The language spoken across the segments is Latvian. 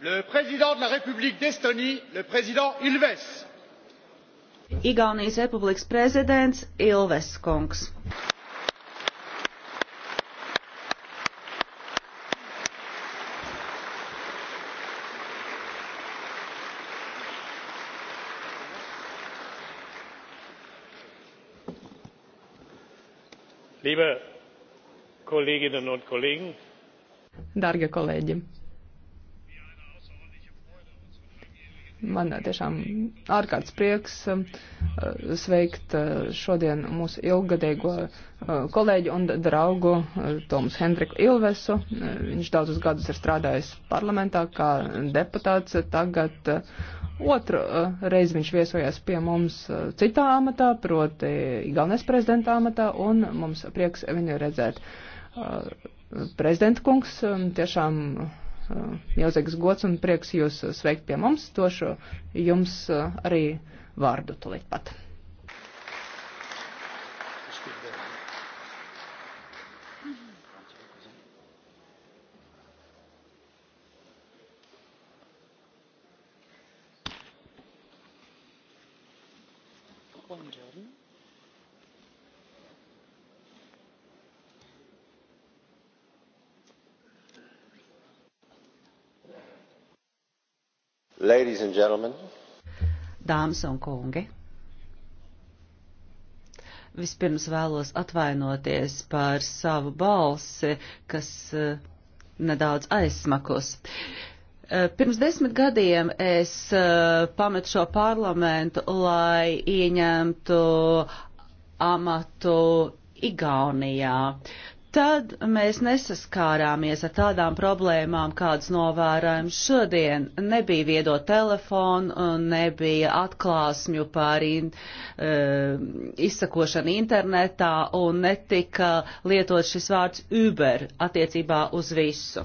le président de la République d'Estonie, le président Ilves. Igaunijas republikas prezidents Ilves kungs. Liebe Kolleginnen und Kollegen, Dargie kolēģi! Man tiešām ārkārtas prieks um, uh, sveikt uh, šodien mūsu ilgadēgo uh, kolēģi un draugu Tomas Hendriku Ilvesu. Viņš daudzus gadus ir strādājis parlamentā kā deputāts. Tagad otru reizi viņš viesojās pie mums citā amatā, proti Igaunijas prezidenta amatā, un mums prieks viņu redzēt. Prezidenta kungs um, tiešām Eh, milzīgs gods un prieks jūs eh, sveikt pie mums. Došu jums eh, arī vārdu tulīt pat. Ladies and gentlemen. Dāmas un kungi. Vispirms vēlos atvainoties par savu balsi, kas eh, nedaudz aizsmakus. Eh, pirms desmit gadiem es eh, pametu šo parlamentu, lai ieņemtu amatu Igaunijā tad mēs nesaskārāmies ar tādām problēmām, kādas novērojam šodien. Nebija viedo telefonu, nebija atklāsmju par in, uh, izsakošanu internetā un netika lietot šis vārds Uber attiecībā uz visu.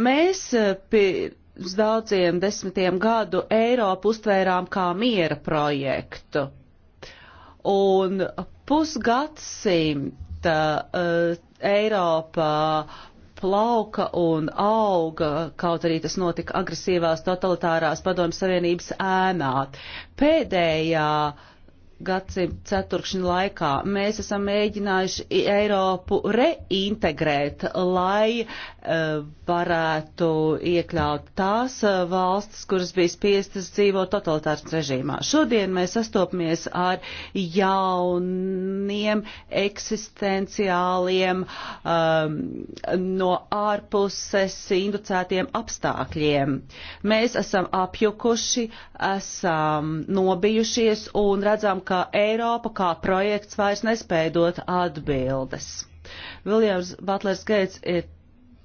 Mēs eh, pirms daudziem desmitiem gadu Eiropu uztvērām kā miera projektu un pusgadsimta uh, Eiropā plauka un auga, kaut arī tas notika agresīvās totalitārās padomjas Savienības ēnā. Pēdējā uh, gadsimta ceturkšņa laikā. Mēs esam mēģinājuši Eiropu reintegrēt, lai uh, varētu iekļaut tās uh, valstis, kuras bija spiestas dzīvot totalitārs režīmā. Šodien mēs sastopamies ar jauniem eksistenciāliem, um, no ārpuses inducētiem apstākļiem. Mēs esam apjukuši, esam nobijušies un redzam, ka Eiropa kā projekts vairs nespēja dot atbildes. Viljams Butlers Geits ir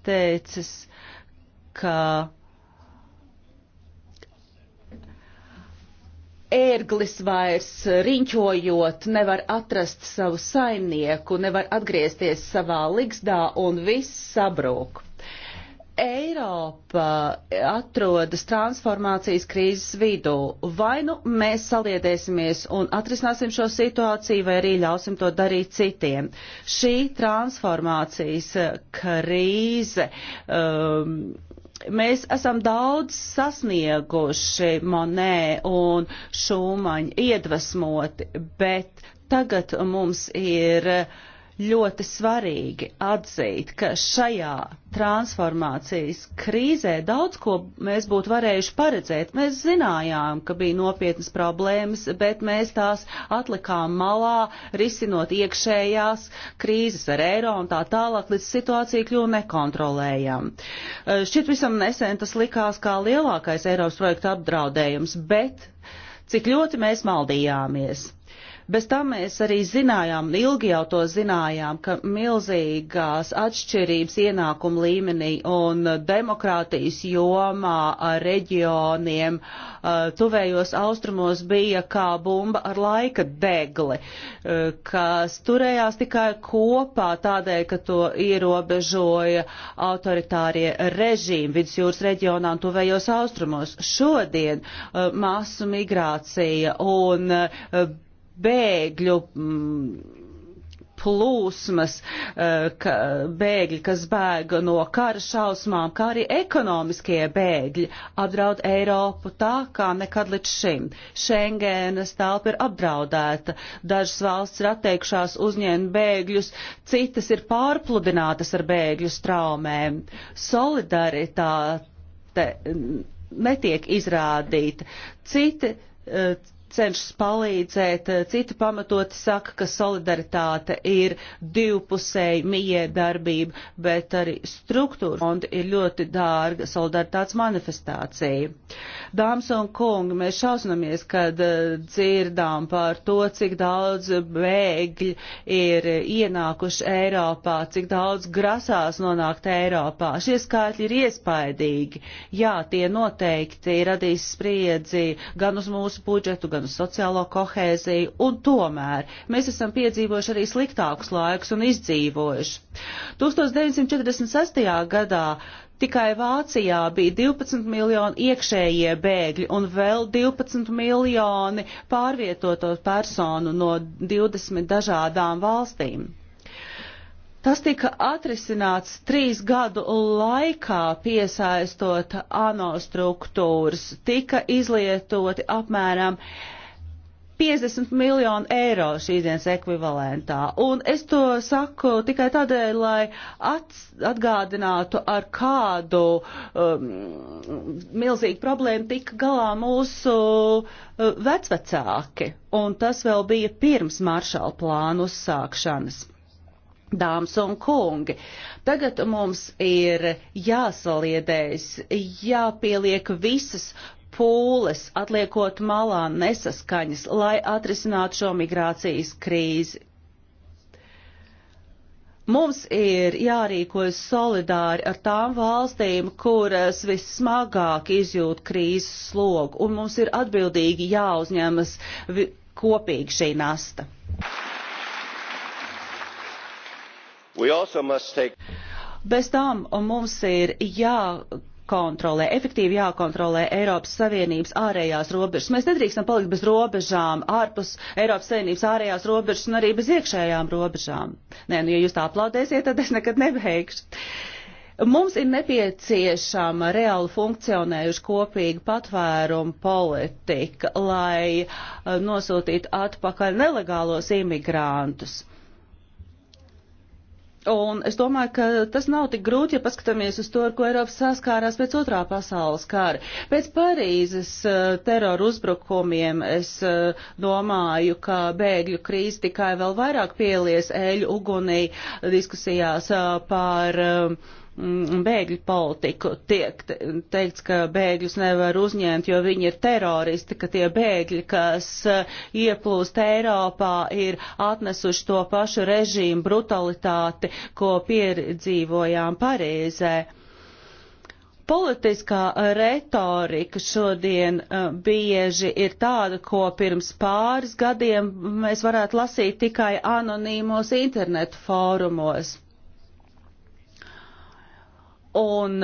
teicis, ka ērglis vairs riņķojot nevar atrast savu saimnieku, nevar atgriezties savā ligzdā un viss sabrūk. Eiropa atrodas transformācijas krīzes vidū. Vai nu mēs saliedēsimies un atrisināsim šo situāciju, vai arī ļausim to darīt citiem. Šī transformācijas krīze. Um, Mēs esam daudz sasnieguši Monē un Šūmaņa iedvesmoti, bet tagad mums ir uh, ļoti svarīgi atzīt, ka šajā transformācijas krīzē daudz ko mēs būtu varējuši paredzēt. Mēs zinājām, ka bija nopietnas problēmas, bet mēs tās atlikām malā, risinot iekšējās krīzes ar eiro un tā tālāk, līdz situācija kļuva nekontrolējama. Eh, šķiet visam nesen tas likās kā lielākais Eiropas projekta apdraudējums, bet cik ļoti mēs maldījāmies. Uh, Bez tam mēs arī zinājām, ilgi jau to zinājām, ka milzīgās atšķirības ienākumu līmenī un demokrātijas jomā reģioniem uh, tuvējos austrumos bija kā bumba ar laika degli, uh, kas turējās tikai kopā tādēļ, ka to ierobežoja autoritārie režīmi vidusjūras reģionā un tuvējos austrumos. Šodien uh, masu migrācija un bēgļu mm, plūsmas, eh, ka bēgļi, kas bēg no kara šausmām, kā arī ekonomiskie bēgļi apdraud Eiropu tā, kā nekad līdz šim. Šengēnas telpa ir apdraudēta, dažas valsts ir atteikšās uzņēma bēgļus, citas ir pārpludinātas ar bēgļu straumēm. Solidaritāte netiek izrādīta. Citi, eh, cenšas palīdzēt, eh, citi pamatoti saka, ka solidaritāte ir divpusēji miedarbība, bet arī struktūra fonda ir ļoti dārga solidaritātes manifestācija. Dāmas un kungi, mēs šausnamies, kad eh, dzirdām par to, cik daudz bēgļi ir ienākuši Eiropā, cik daudz grasās nonākt Eiropā. Šie skaitļi ir iespaidīgi. Jā, tie noteikti radīs spriedzi gan uz mūsu budžetu, gan un sociālo kohēziju, un tomēr mēs esam piedzīvojuši arī sliktākus laikus un izdzīvojuši. 1946. gadā Tikai Vācijā bija 12 miljoni iekšējie bēgļi un vēl 12 miljoni pārvietoto personu no 20 dažādām valstīm. Tas tika atrisināts trīs gadu laikā, piesaistot ANO struktūras, tika izlietoti apmēram 50 miljonu eiro šīsdienas ekvivalentā. Un es to saku tikai tādēļ, lai atgādinātu, ar kādu um, milzīgu problēmu tika galā mūsu uh, vecvecāki. Un tas vēl bija pirms maršala plānu uzsākšanas. Dāmas un kungi, tagad mums ir jāsaliedējas, jāpieliek visas pūles, atliekot malā nesaskaņas, lai atrisinātu šo migrācijas krīzi. Mums ir jārīkojas solidāri ar tām valstīm, kuras vissmagāk izjūt krīzes slogu, un mums ir atbildīgi jāuzņemas kopīgi šī nasta. Take... Bez tām mums ir jā jākontrolē, efektīvi jākontrolē Eiropas Savienības ārējās robežas. Mēs nedrīkstam palikt bez robežām, ārpus Eiropas Savienības ārējās robežas un arī bez iekšējām robežām. Nē, nu ja jūs tā aplaudēsiet, tad es nekad nebeigšu. Mums ir nepieciešama reāli funkcionējuša kopīga patvēruma politika, lai eh, nosūtītu atpakaļ nelegālos imigrantus. Un es domāju, ka tas nav tik grūti, ja paskatāmies uz to, ar ko Eiropa saskārās pēc otrā pasaules kara. Pēc Parīzes uh, eh, teroru uzbrukumiem es uh, domāju, ka bēgļu krīze tikai vēl vairāk pielies eļu ugunī diskusijās uh, par. Uh, Mm, bēgļu politiku. Tiek teikts, ka bēgļus nevar uzņemt, jo viņi ir teroristi, ka tie bēgļi, kas eh, ieplūst Eiropā, ir atnesuši to pašu režīmu brutalitāti, ko piedzīvojām Parīzē. Politiskā retorika šodien eh, bieži ir tāda, ko pirms pāris gadiem mēs varētu lasīt tikai anonīmos internetu fórumos. Un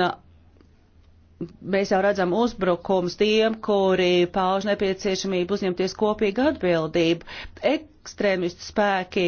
mēs jau redzam uzbrukums tiem, kuri pauž nepieciešamību uzņemties kopīgu atbildību. Ek ekstrēmistu spēki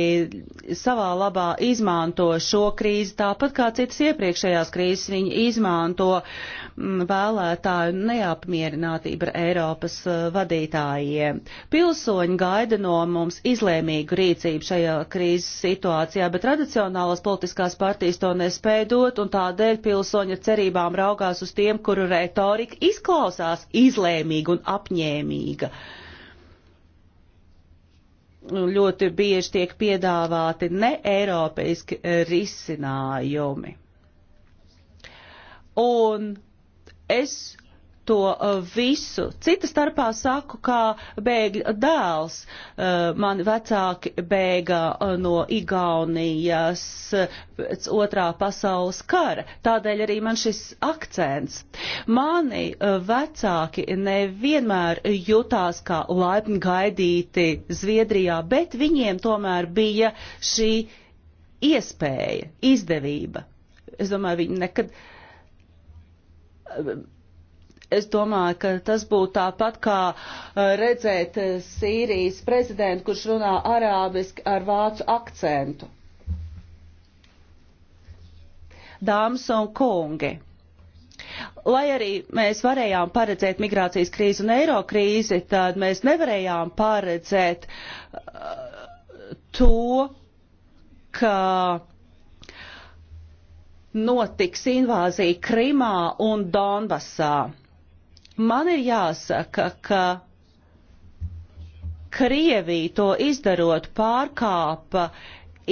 savā labā izmanto šo krīzi, tāpat kā citas iepriekšējās krīzes. Viņi izmanto mm, vēlētāju neapmierinātību ar Eiropas eh, vadītājiem. Pilsoņi gaida no mums izlēmīgu rīcību šajā krīzes situācijā, bet tradicionālās politiskās partijas to nespēja dot, un tādēļ pilsoņi ar cerībām raugās uz tiem, kuru retorika izklausās izlēmīga un apņēmīga. Uh, ļoti bieži tiek piedāvāti ne eiropeiski risinājumi. Un es to uh, visu. Cita starpā saku, kā bēgļa dēls. Uh, mani vecāki bēga uh, no Igaunijas pēc otrā pasaules kara. Tādēļ arī man šis akcents. Mani vecāki nevienmēr jutās kā laipni gaidīti Zviedrijā, bet viņiem tomēr bija šī iespēja, izdevība. Es domāju, viņi nekad Es domāju, ka tas būtu tāpat kā redzēt Sīrijas prezidentu, kurš runā arābiski ar vācu akcentu. Dāmas un kungi, lai arī mēs varējām paredzēt migrācijas krīzi un eiro krīzi, tad mēs nevarējām paredzēt to, ka notiks invāzija Krimā un Donbasā. Man ir jāsaka, ka Krievija to izdarot pārkāpa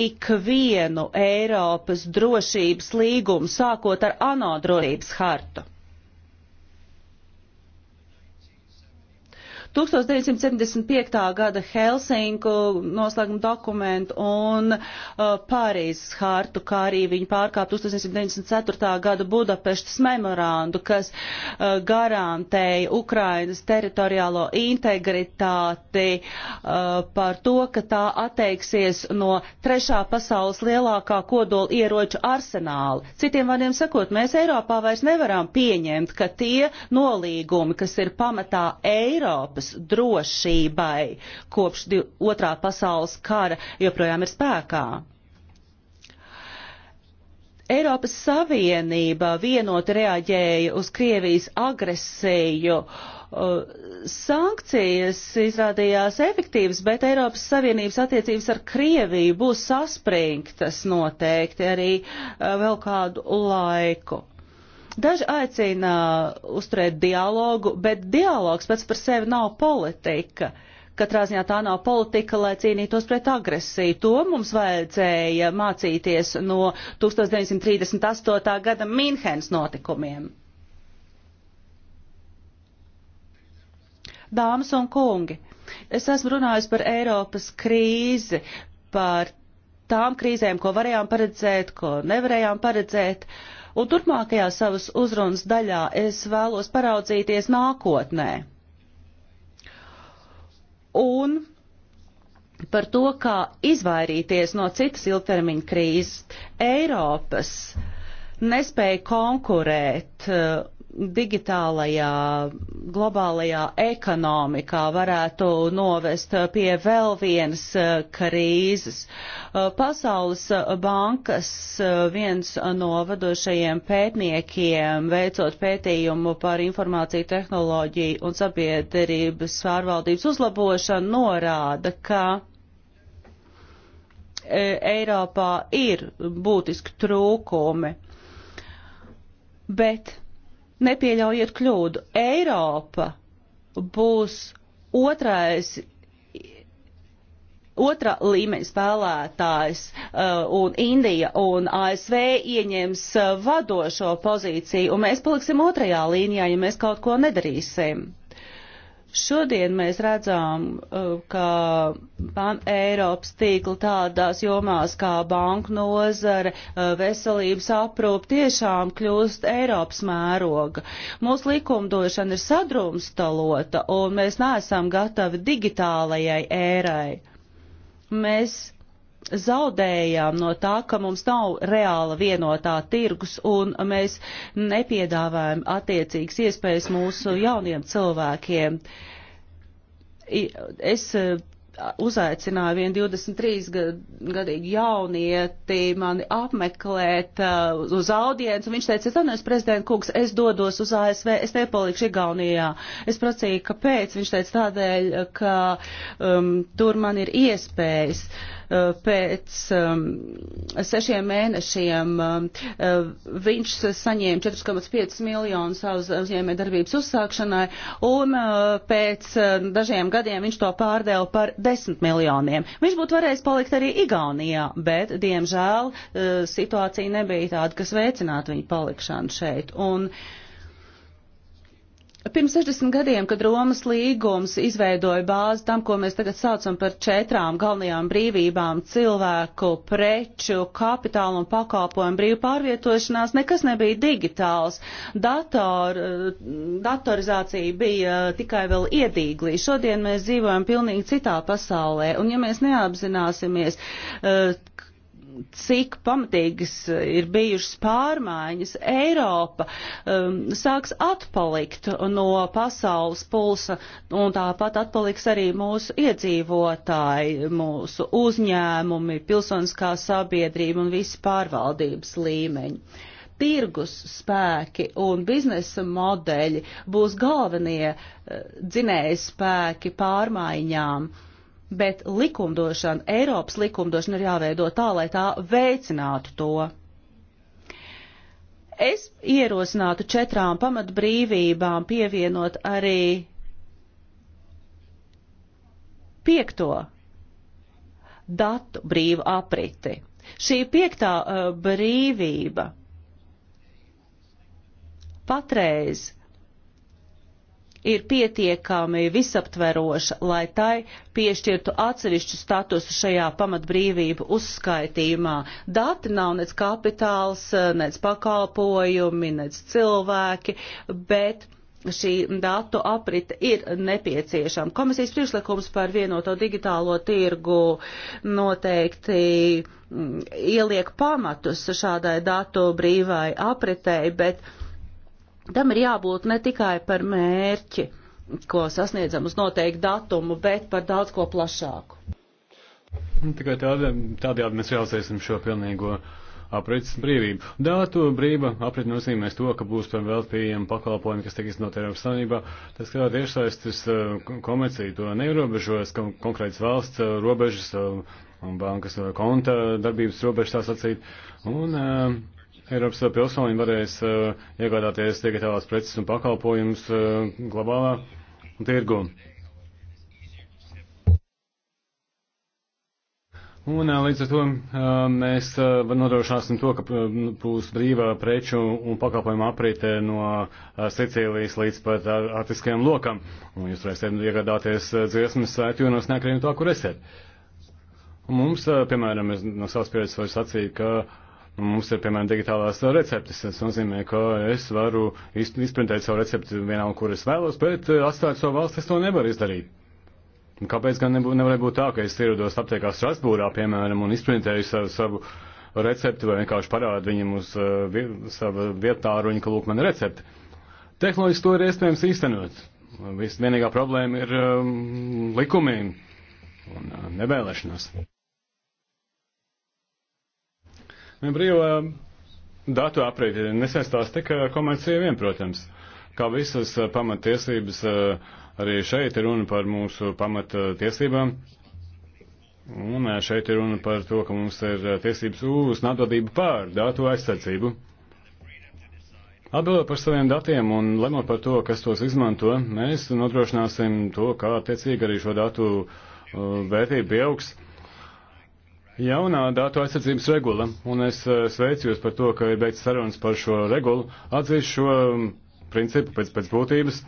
ikvienu Eiropas drošības līgumu, sākot ar ANO drošības hartu. 1975. gada Helsinku noslēguma dokumentu un uh, Pārīzes hartu, kā arī viņi pārkāpa 1994. gada Budapeštas memorandu, kas uh, garantēja Ukrainas teritoriālo integritāti uh, par to, ka tā atteiksies no trešā pasaules lielākā kodola ieroču arsenāla. Citiem vārdiem sakot, mēs Eiropā vairs nevaram pieņemt, ka tie nolīgumi, kas ir pamatā Eiropas, pieaugums drošībai kopš otrā pasaules kara joprojām ir spēkā. Eiropas Savienība vienoti reaģēja uz Krievijas agresiju. Uh, sankcijas izrādījās efektīvas, bet Eiropas Savienības attiecības ar Krieviju būs saspringtas noteikti arī uh, vēl kādu laiku. Daži aicina uzturēt dialogu, bet dialogs pats par sevi nav politika. Katrā ziņā tā nav politika, lai cīnītos pret agresiju. To mums vajadzēja mācīties no 1938. gada Minhenes notikumiem. Dāmas un kungi, es esmu runājis par Eiropas krīzi, par tām krīzēm, ko varējām paredzēt, ko nevarējām paredzēt. Uh, Un turpmākajā savas uzrunas daļā es vēlos paraudzīties nākotnē. Un par to, kā izvairīties no citas ilgtermiņa krīzes. Eiropas nespēja konkurēt digitālajā globālajā ekonomikā varētu novest uh, pie vēl vienas uh, krīzes. Uh, Pasaules bankas viens no vadošajiem pētniekiem veicot pētījumu par informāciju tehnoloģiju un sabiedrības pārvaldības uzlabošanu norāda, ka e, Eiropā ir būtiski trūkumi, bet nepieļaujiet kļūdu. Eiropa būs otrais otrā līmeņa spēlētājs uh, un Indija un ASV ieņems uh, vadošo pozīciju, un mēs paliksim otrajā līnijā, ja mēs kaut ko nedarīsim. Šodien mēs redzam, uh, ka Eiropas tīkla tādās jomās kā banku nozare, uh, veselības aprūp tiešām kļūst Eiropas mēroga. Mūsu likumdošana ir sadrumstalota un mēs neesam gatavi digitālajai ērai. Mēs zaudējām no tā, ka mums nav reāla vienotā tirgus un mēs nepiedāvājam attiecīgas iespējas mūsu jauniem cilvēkiem. Es e, uzaicināja vien 23 gad, gadīgi jaunieti mani apmeklēt uh, uz audienci, un viņš teica, es atnēs prezidenta kungs, es dodos uz ASV, es nepalikšu Igaunijā. Es prasīju, kāpēc, viņš teica tādēļ, ka um, tur man ir iespējas. Uh, Eh, pēc ehm, sešiem mēnešiem eh, viņš saņēma 4,5 miljonus savas uzņēmē darbības uzsākšanai, un eh, pēc dažiem gadiem viņš to pārdēla par 10 miljoniem. Viņš būtu varējis palikt arī Igaunijā, bet, diemžēl, situācija nebija tāda, kas veicinātu viņa palikšanu šeit. Un, uh, Pirms 60 gadiem, kad Romas līgums izveidoja bāzi tam, ko mēs tagad saucam par četrām galvenajām brīvībām - cilvēku, preču, kapitālu un pakalpojumu brīvu pārvietošanās, nekas nebija digitāls. Dator, eh, datorizācija bija tikai vēl iedīglī. Šodien mēs dzīvojam pilnīgi citā pasaulē, un ja mēs neapzināsimies, eh, cik pamatīgas eh, ir bijušas pārmaiņas, Eiropa um, sāks atpalikt no pasaules pulsa, un tāpat atpaliks arī mūsu iedzīvotāji, mūsu uzņēmumi, pilsoniskā sabiedrība un visi pārvaldības līmeņi. Tirgus spēki un biznesa modeļi būs galvenie uh, eh, dzinēja spēki pārmaiņām. Uh, bet likumdošana, Eiropas likumdošana ir jāveido tā, lai tā veicinātu to. Es ierosinātu četrām pamatbrīvībām pievienot arī piekto datu brīvu apriti. Šī piektā uh, brīvība patreiz ir pietiekami visaptveroša, lai tai piešķirtu atsevišķu statusu šajā pamatbrīvību uzskaitījumā. Dati nav nec kapitāls, nec pakalpojumi, nec cilvēki, bet šī datu aprita ir nepieciešama. Komisijas priekšlikums par vienoto digitālo tirgu noteikti mm, ieliek pamatus šādai datu brīvai apritei, bet tam ir jābūt ne tikai par mērķi, ko sasniedzam uz noteiktu datumu, bet par daudz ko plašāku. Nu, tikai tādējādi tādā mēs realizēsim šo pilnīgo aprits brīvību. Dātu brīva aprit nozīmēs to, ka būs par vēl pieejami pakalpojumi, kas tiek iznot Eiropas Savienībā. Tas, kā tiešsaistes eh, komercija to neierobežojas, ka konkrēts valsts eh, robežas eh, un bankas konta darbības robežas tā sacīt. Un, uh, Eiropas pilsoņi varēs uh, iegādāties digitālās preces un pakalpojumus uh, globālā tirgu. Un eh, līdz ar to mēs nodrošināsim to, ka būs brīvā preču un pakalpojumu aprite no Sicīlijas līdz pat artiskajam lokam. Un jūs varēsiet iegādāties dziesmas svētījumos neakrīt no tā, kur esat. Mums, piemēram, es no savas pieredzes varu sacīt, ka Mums ir, piemēram, digitālās receptes. Tas nozīmē, ka es varu izprintēt savu recepti vienalga, kur es vēlos, bet eh, atstāt savu valsti es to nevaru izdarīt. Kāpēc gan nebū, nevarēja būt tā, ka es ierados aptiekā Strasbūrā, piemēram, un izprintēju savu, savu recepti vai vienkārši parādu viņam uz uh, eh, sava vietā ruņa, ka lūk man recepti. Tehnoloģiski to ir iespējams īstenot. Viss vienīgā problēma ir um, ehm, likumi un uh, nevēlēšanās. Un brīvā datu apreiti nesaistās tikai ar komerciju vien, protams. Kā visas eh, pamatiesības, eh, arī šeit ir runa par mūsu pamatiesībām. Un eh, šeit ir runa par to, ka mums ir tiesības uz un atbildība pār datu aizsardzību. Atbildot par saviem datiem un lemot par to, kas tos izmanto, mēs nodrošināsim to, kā attiecīgi arī šo datu vērtība pieaugs. Uh, jaunā datu aizsardzības regula, un es eh, sveicu jūs par to, ka ir beigts sarunas par šo regulu, atzīst šo mm, principu pēc, pēc būtības,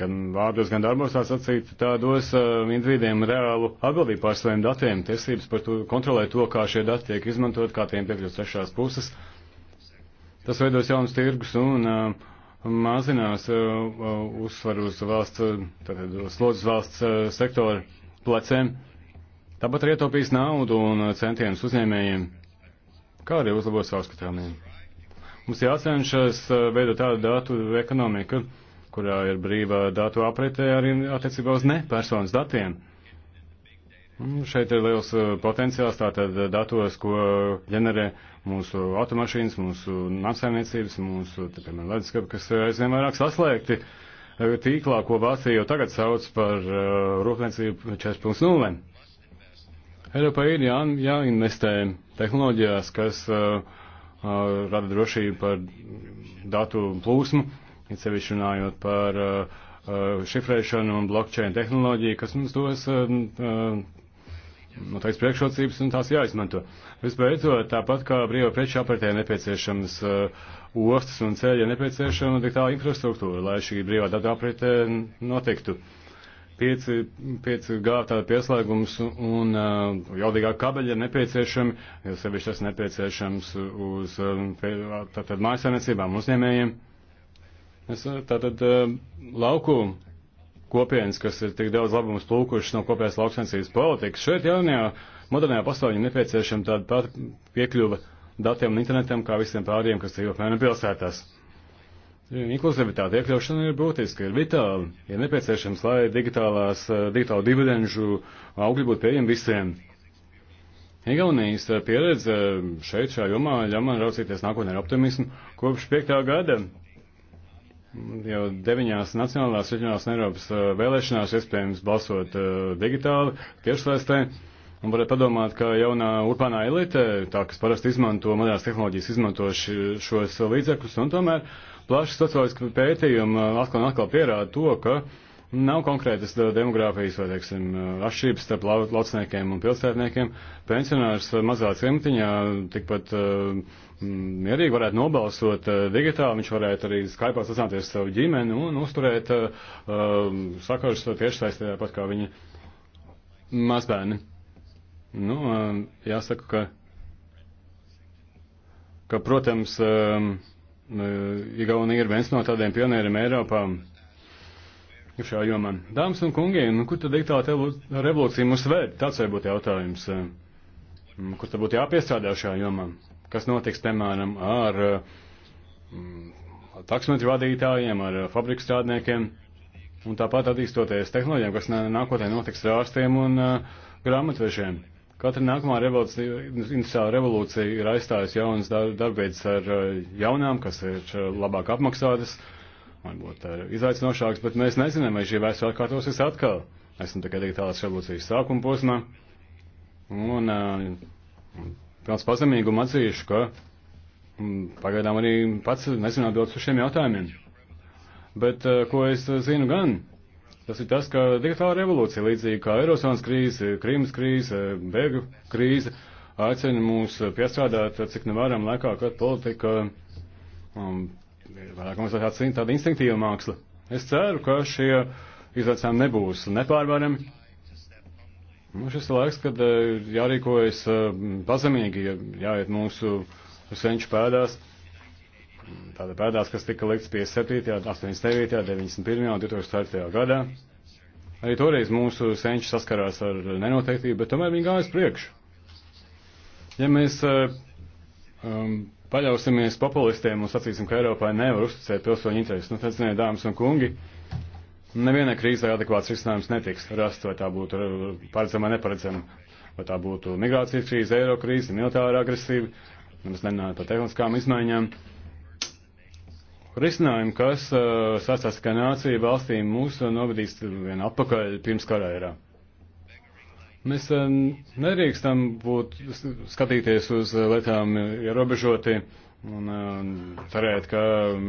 gan vārdos, gan darbos tā sacīt, tādos eh, individiem reālu atbildību pār saviem datiem, tiesības par to kontrolēt to, kā šie dati tiek izmantot, kā tiem piekļūst trešās puses. Tas veidos jaunas tirgus un uh, mazinās uh, uzsvaru uz valsts, tātad uz slodzes valsts uh, sektoru plecēm. Uh, Tāpat arī ietaupīs naudu un centienus uzņēmējiem, kā arī uzlabos savskatāmību. Mums jācenšas eh, veidot tādu datu ekonomiku, kurā ir brīva datu apritē arī attiecībā uz nepersonas datiem. Un šeit ir liels eh, potenciāls tātad datos, ko ģenerē mūsu automašīnas, mūsu napsaimniecības, mūsu, te, piemēram, leduskapi, kas aizvien vairāk saslēgti eh, tīklā, ko Vācija jau tagad sauc par uh, rūpniecību 4.0. Eiropā ir jā, jāinvestē tehnoloģijās, kas uh, uh, rada drošību par datu plūsmu, it sevišķi runājot par uh, uh, šifrēšanu un blockchain tehnoloģiju, kas mums dos uh, uh, teiks, priekšrocības un tās jāizmanto. Visbeidzot, tāpat kā brīvā preču apritē nepieciešams uh, ostas un ceļa nepieciešama digitāla infrastruktūra, lai šī brīvā datu apritē notiktu. Uh, 5, 5G tāda pieslēgums un uh, jaudīgāk kabeļi ir nepieciešami, jo sevišķi tas nepieciešams uz uh, mājasēmniecībām uzņēmējiem. Es, uh, tātad uh, lauku kopienas, kas ir tik daudz labumus plūkušas no kopējās lauksensības politikas, šeit jaunajā modernajā pasaulē nepieciešama tāda pat piekļuva datiem un internetam kā visiem pārējiem, kas dzīvo apmēram pilsētās. Inklusivitāte iekļaušana ir būtiska, ir vitāli, ir ja nepieciešams, lai digitālās, eh, digitālu dividenžu augļi būtu pieejami visiem. Igaunijas pieredze šeit šajā jomā ļauj man raucīties nākotnē ar optimismu kopš 5. gada. Jau deviņās nacionālās reģionālās Eiropas eh, vēlēšanās iespējams balsot eh, digitāli, tiešsaistē. Un varētu padomāt, ka jaunā urbānā elite, tā kas parasti izmanto modernās tehnoloģijas, izmanto šos līdzekļus un tomēr Plaši socioloģiski pētījumi uh, atkal un atkal pierāda to, ka nav konkrētas uh, demogrāfijas vai, teiksim, uh, atšķirības starp lau, laucniekiem un pilsētniekiem. Pensionārs mazā cimtiņā tikpat uh, mierīgi varētu nobalsot uh, digitāli, viņš varētu arī skaipā sasāties savu ģimeni un uzturēt uh, sakarus tieši saistībā pat kā viņa mazbērni. Nu, uh, jāsaka, ka, ka protams, uh, Nu, Igaunija ir viens no tādiem pionieriem Eiropā šajā jomā. Dāmas un kungi, nu, kur tad digitāla revolūcija mūs vērt? Tāds var būt jautājums. Mm, kur tad būtu jāpiestrādā šajā jomā? Kas notiks, piemēram, ar mm, taksometru vadītājiem, ar fabriku strādniekiem? Un tāpat attīstoties tehnoloģijām, kas nākotnē notiks ar ārstiem un uh, grāmatvežiem. Katra nākamā revolūcija, industriāla revolūcija ir aizstājusi jaunas dar, darbības ar eh, jaunām, kas ir eh, labāk apmaksātas, varbūt eh, izaicinošākas, bet mēs nezinām, vai šī vēsture atkārtosies atkal. Esam tikai digitālās revolūcijas sākuma posmā. Un pilns pazemīgumu atzīšu, ka m, mm, pagaidām arī pats nezinu atbildes uz šiem jautājumiem. Bet ko es zinu gan? Tas ir tas, ka digitāla revolūcija, līdzīgi kā Eirozonas krīze, Krīmas krīze, bēgļu krīze, aicina mūs piestrādāt, cik nevaram nu laikā, kad politika um, vairāk mums tāds, tāda instinktīva māksla. Es ceru, ka šie izaicinājumi nebūs nepārvarami. Nu, šis ir laiks, kad eh, jārīkojas eh, pazemīgi, jāiet mūsu senču pēdās tāda pēdās, kas tika likts 57., 89., 91. un 2004. gadā. Arī toreiz mūsu senči saskarās ar nenoteiktību, bet tomēr viņi gājas priekšu. Ja mēs eh, um, paļausimies populistiem un sacīsim, ka Eiropai nevar uzticēt pilsoņu intereses, nu tad, ziniet, dāmas un kungi, nevienai krīzē adekvāts risinājums netiks rasts, vai tā būtu paredzama, neparedzama, vai tā būtu migrācijas krīze, eiro krīze, militāra agresīva, mēs nenākam par tehniskām izmaiņām. Risinājumi, kas uh, eh, sasās, ka nācija valstīm mūs novadīs vien atpakaļ pirms karērā. Mēs uh, nedrīkstam būt, skatīties uz lietām ierobežoti un uh, cerēt, ka um,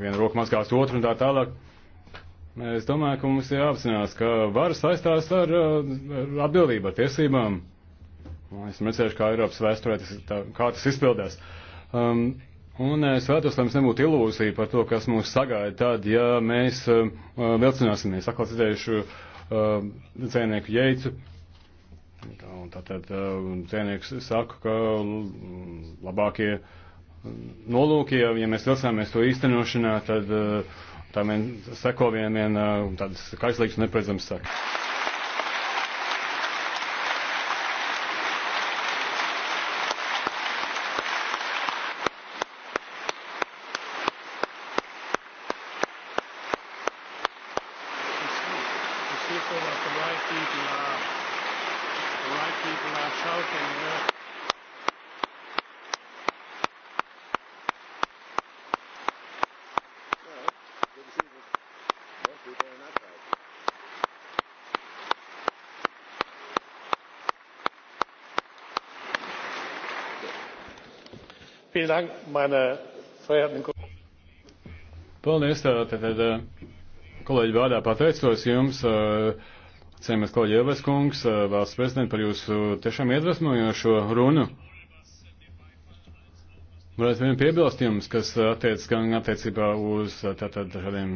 viena roka mazgās otru un tā tālāk. Es domāju, ka mums ir jāapzinās, ka varas saistās ar, ar atbildību, ar tiesībām. Esmu redzējuši, kā Eiropas vēsturē tas, tā, kā tas izpildās. Um, Un es vēlētos, lai mums nebūtu ilūzija par to, kas mūs sagaida tad, ja mēs uh, vilcināsimies. Atkal citējuši uh, eh, dzēnieku jeicu. Un tātad uh, eh, dzēnieks saka, ka mm, labākie mm, nolūki, ja, ja mēs vilcināmies to īstenošanā, tad uh, tā vien seko vien, vien uh, tādas kaislīgas un nepredzams sakas. Dank, meine verehrten Kollegen. Paldies, tātad eh, kolēģi vārdā pateicos jums, eh, cēmas kolēģi Ievas kungs, eh, valsts prezidents par jūsu tiešām iedvesmojošo runu. Varētu vien piebilst jums, kas attiec gan attiecībā uz tātad šādiem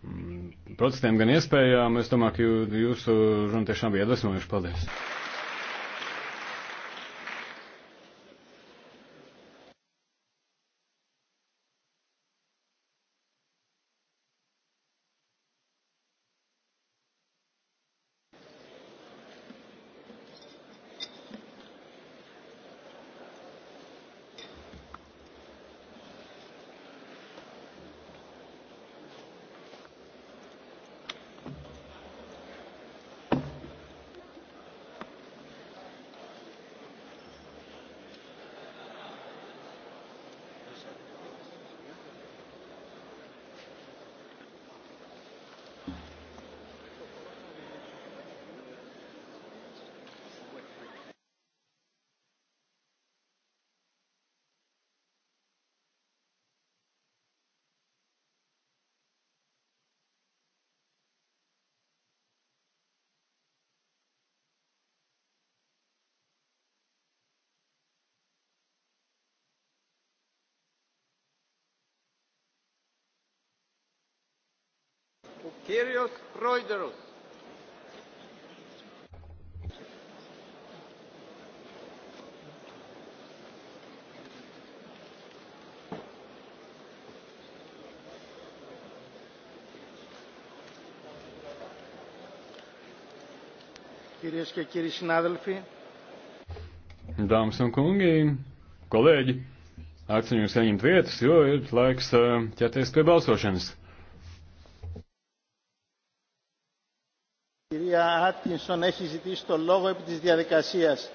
mm, protestiem, gan iespējām. Es domāju, ka jūsu runa tiešām bija iedvesmojoša. Paldies! Kyrios Proiderus. Κυρίες και κύριοι συνάδελφοι, Dāmas un kungi, kolēģi, aicinu jūs ieņemt vietas, jo ir laiks uh, ķerties pie balsošanas. Atkinson έχει ζητήσει το λόγο επί της διαδικασίας.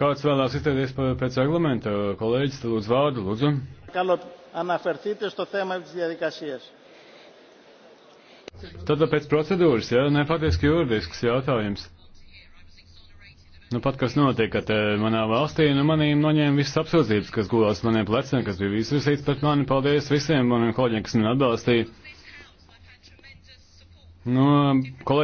Kāds vēlās izteikties pēc reglamenta? Kolēģis, lūdzu vārdu, lūdzu. Καλό, αναφερθείτε στο θέμα της διαδικασίας. Tātad pēc procedūras, jā, ja? ne faktiski juridisks jautājums. Nu, pat kas notiek, ka manā valstī nu, manī noņēma visas apsūdzības, kas gulās maniem pleciem, kas bija izvirzīts pret mani. Paldies visiem maniem kolēģiem, kas man atbalstīja. No nu, kolēģi